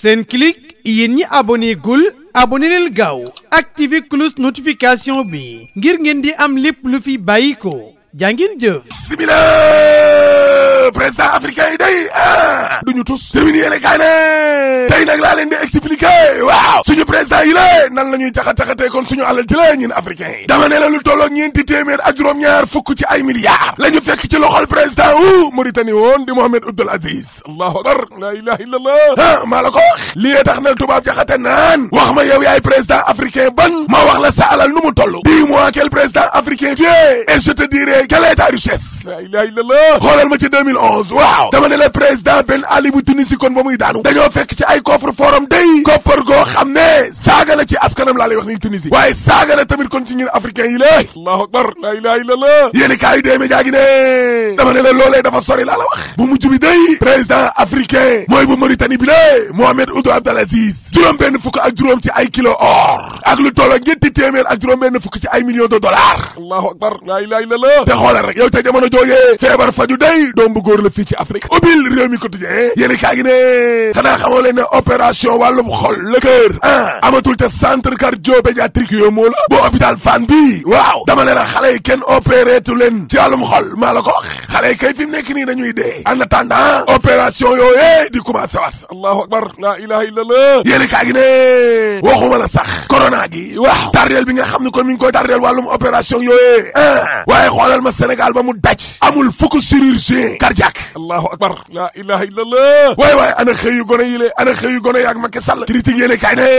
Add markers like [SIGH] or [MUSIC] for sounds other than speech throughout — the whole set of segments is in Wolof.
Senclic yéen ñi abonné gul gaaw leen gaaw activé cloche notification bi ngir ngeen di am lépp lu fi bàyyi ko jaa ngeen jëf. simila. président africain yi day ah duñu tus termine yéene kaay tey nag laa leen di expliquer waaw suñu président yi la nan la ñuy caxa-caxatee kon suñu alal ci la africain dama ne la lu tolloog ñeenti téeméer ak juróom-ñaar fukk ci ay milliards la fekk ci loxol président wu Mauritanie woon di Mohamed Ould Aziz allahu akbar la ilaha illallah ah la ko wax tax na tubaab jaxate naan wax ma yow yaay président africain ban ma wax la sa alal nu mu toll dis a quel président africain tu es et je te dirai quelle est la ilaha illallah xoolal ma 2011 waaw dama ne la président Ben Ali bu Tunisie kon ba muy daanu fekk ci ay coffre forum day koppar goo xam ne saaga la ci askanam laa lay wax ni Tunisie saaga la tamit kon ci ñun africain yi la allahu akbar la ilaha la la wax la Mohamed Ould Abdel Aziz juróom benn fukk ak juróom ci bu góor fii ci Afrique ubbil réew mi quotidien yéen kaa gi ne xanaa xamoo leen ne opération wàllum xol le ah, amatul te centre cardiobédiatrique yoo moo la bu hôpital Fann bi waaw dama leen a xale yi kenn opéré tu leen ci wàllum xol maa la ko wax xale yi fi mu nekk nii dañuy dee en attendant opération yooyee di commencé waat allahu akbar la ilaha illallah yéen kaa gi ne waxuma la sax corona gi waaw bi nga xam ne kon mi ngi koy tardeel wàllum opération yooyee ah, waaye xoolal ma Sénégal ba mu daj amul fukk chirurgien jaar jàkk allahu akbar la ilaha illallah waay waay ana xëyu gone yi lée ana xëyu gone yaak Macky Sall critique yéene kaay ne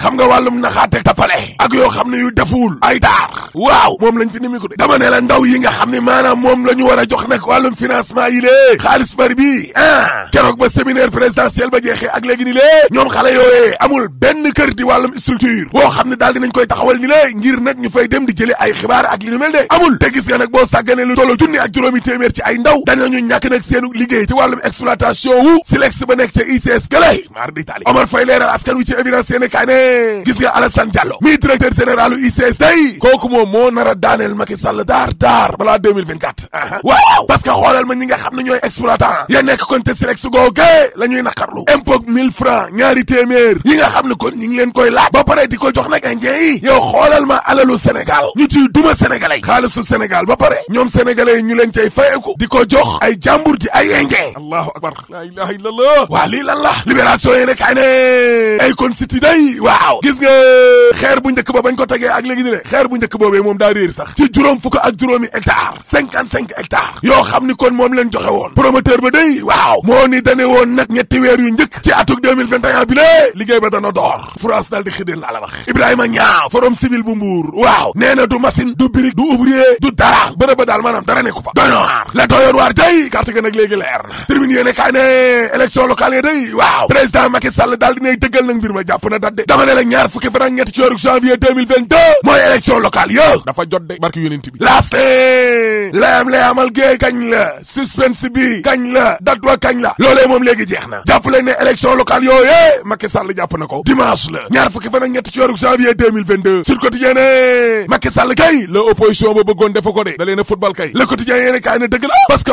xam nga wàllum naxaate tappale ak yoo xam ne yu defuwul ay daar waaw moom lañ fi ni mi ko de dama ne la ndaw yi nga xam ne maanaam moom la ñu war a jox nag wàllum financement yi lée xaalis bari bi ah keroog ba séminaire présidentiel ba jeexee ak léegi ni lée ñoom xale yooyee amul benn kër di wàllum structure xam ne daal dinañ koy taxawal ni lée ngir nag ñu fay dem di jële ay xibaar ak li nu mel de amul te gis nga nag lu tollu junni ak juróomi ci ay ndaw dañ ñu ñàkk nag seenu liggéey ci wàllum exploitation wu silex ba nekk ca ICS këlay Omar Faye leeral askan wi ci évidence yéene kaay gis nga Alassane Diallo mi directeur général u ICS day kooku moom moo nar a daaneel Macky Sall daar daar balaa 2024 waaw parce que xoolal ma ñi nga xam ne ñooy exploitant ya nekk kon te silex googe la ñuy naqarlu impôt 1000 francs ñaari téeméer yi nga xam ne kon ñu leen koy laaj ba pare di ko jox nag indien yi yow xoolal ma alalu ay jàmbur ji ay yenge allahu akbar la ilaha illallah waa lii lan la libération yéene kaay ne ay kon siti day waaw gis nga xeer bu njëkk ba bañ ko tegee ak léegi ni ne xeer bu njëkk boobee moom daa sax ci juróom fukk ak juróomi hectare cinquante cinq hectares yoo xam ni kon moom leen joxe woon promoteur ba day waaw moo ni dane woon nag ñetti weer yu njëkk ci atuk 2021 bi lée liggéey ba dana door France daal di xidil laa la wax Ibrahima Niang forum civil bu waaw nee na du machine du brique du ouvrier du dara day nag léegi leer na termine yéene kaay ne élection locale yi waaw président Macky Sall daal dinay dëggal nag mbir ma jàpp na dat de dama ne la ñaar fukki fan ak ñett ci weeru janvier 2022 mooy élection locale yo dafa jot de barki yonent bi laaste layam layamal gée kañ la suspense bi kañ la dat wa kañ la loolee moom léegi jeex na jàpp lañ ne élection locale yooyee Macky Sall jàpp na ko dimanche la ñaar fukki fan ak ñett ci ba bëggoon defa a football kay le quotidien yéene kaay ne dëgg la parce que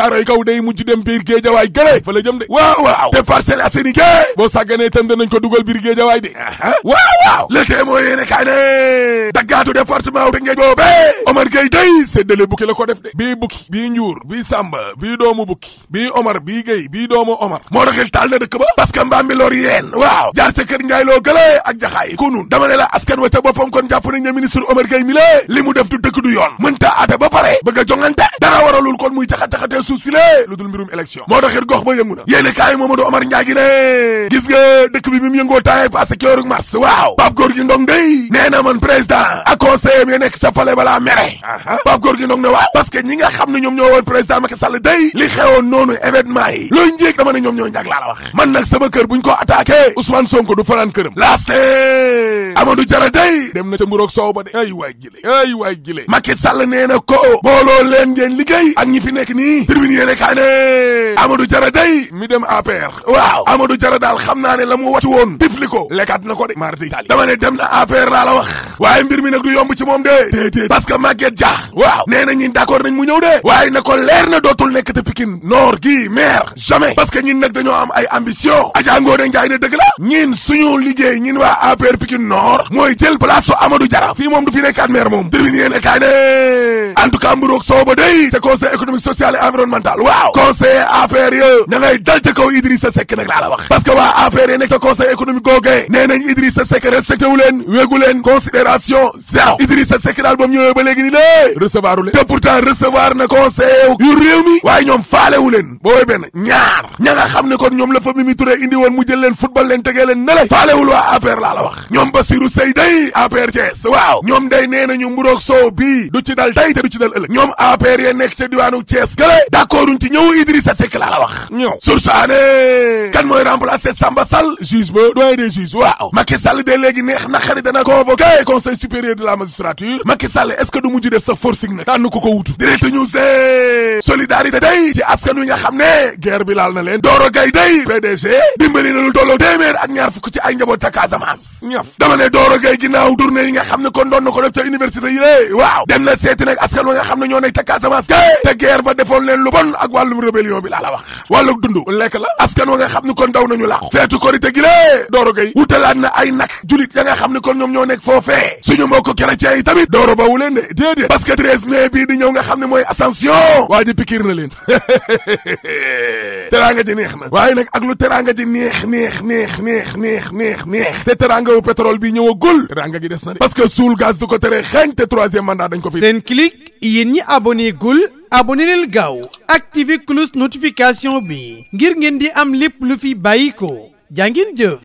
caaroy kaw day mujj dem biir géejawaay gële fa la jëm de waaw waaw te Parcelles Assainies ke boo sàgganee itam danañ ko dugal biir géejawaay de waaw waaw le Témoin yéene kaay ne daggaatu département wu Tëngéej boobee Omar Gueye day séddale bukki la ko def de bii bukki bii njuur bii sàmba bii doomu bukki bii Omar bii Gueye bii doomu Omar moo taxil taal na dëkk ba parce que mbaam waaw jaar ca kër loo gële ak jaxaay kunun dama ne la askan wa ca kon a dara suuf si lée lu dul mbirum élection moo taxit gox ba yëngu na yéeni kaay Mamadou Omar Ndiaye gi gis nga dëkk bi mi mu yëngoo taay passé keeru mars waaw Pape Gorgui Ndong day nee na man président ak conseiller yi nekk ca palais balaa mere Pape Gorgui Ndong ne waaw parce que ñi nga xam ne ñoom ñoo woon président Macky Sall day li xewoon noonu événement yi looy njéeg dama ne ñoom ñoo njag laa wax man nag sama kër buñ ko attaqué Ousmane Sonko du fanaan këram de ay waay jile ay waay jile Macky Sall nee ko booloo leen ngeen liggéey nekk nii tribune yéene kaa ne Amadou Jara day mi dem APR waaw Amadou Jara daal xam naa ne la mu wàcc woon tifli ko lekkaat na ko de mar d'Italie dama ne dem na APR laa la wax waaye mbir mi nag du yomb ci moom de déedéet parce que Maguette Dia waaw nee na ñi d'accord nañ mu ñëw de waaye na ko leer na dootul nekk te Pikine Nord gii maire jamais parce que nag dañoo am ay ambition Adja Ngoone Njaay ne dëgg la ñin suñu liggéey ñin waa APR Pikine Nord mooy jël place environnementale waaw conseiller affaire yo ña ngay dal ca kaw Idrissa Seck nag laa la wax parce waa affaire yi nekk ca conseil économique googee nee nañ Idrissa Seck respecté wu leen wéegu leen considération zéro Idrissa Seck daal ba ba léegi ñaar ña xam ne kon ñoom la fa Mimi Touré indi woon mu leen football leen tegee leen ne faalewul waa APR laa la wax ñoom Bassirou Sey day APR Thiès waaw ñoom day nee nañu mburoog du ci dal tey te du ci dal d'accorduñ ci ñëw Idrissa Seck laa la wax ñëw sursaane kan mooy remplacer Samba Sall juge ba doyen des waaw Macky Sall de léegi neex naqari dana convoqué conseil supérieur de la magistrature Macky Sall est du mujj def sa forcing nag tànn ko ko wutu direct news de solidarité day ci askan wi nga xam ne guerre bi laal na leen Doro Gaye day PDG dimbali na lu tolloo téeméer ak ñaar fukk ci ay njaboot ca Casamance dama ne Doro Gaye ginnaaw tournée yi nga xam ne kon doon na ko def ca lo lu bon ak wàllum rébellion bi laa la wax wàllu dund lekk la askan wa nga xam ni kon daw nañu laaxu feetu korite gi lée dooro gay wutalaat na ay nag julit ya nga xam ni kon ñoom ñoo nekk foofee suñu mbokk chrétien yi tamit dooro ba wu de déedéet parce que treize mai bii di ñëw nga xam ne mooy ascension waa ji pikiir na leen [LAUGHS] teraanga ji neex na waaye nag ak lu teraanga ji neex neex neex neex neex neex neex te teraanga wu pétrole bi ñëwagul teraanga gi des na de parce que suul gaz du ko tere xeeñ te troisième mandat dañ ko fi seen clic yéen ñi abonné gul abonné leen gaaw activé cloche notification bi ngir ngeen di am lépp lu fi bàyyi ko jàngin jëf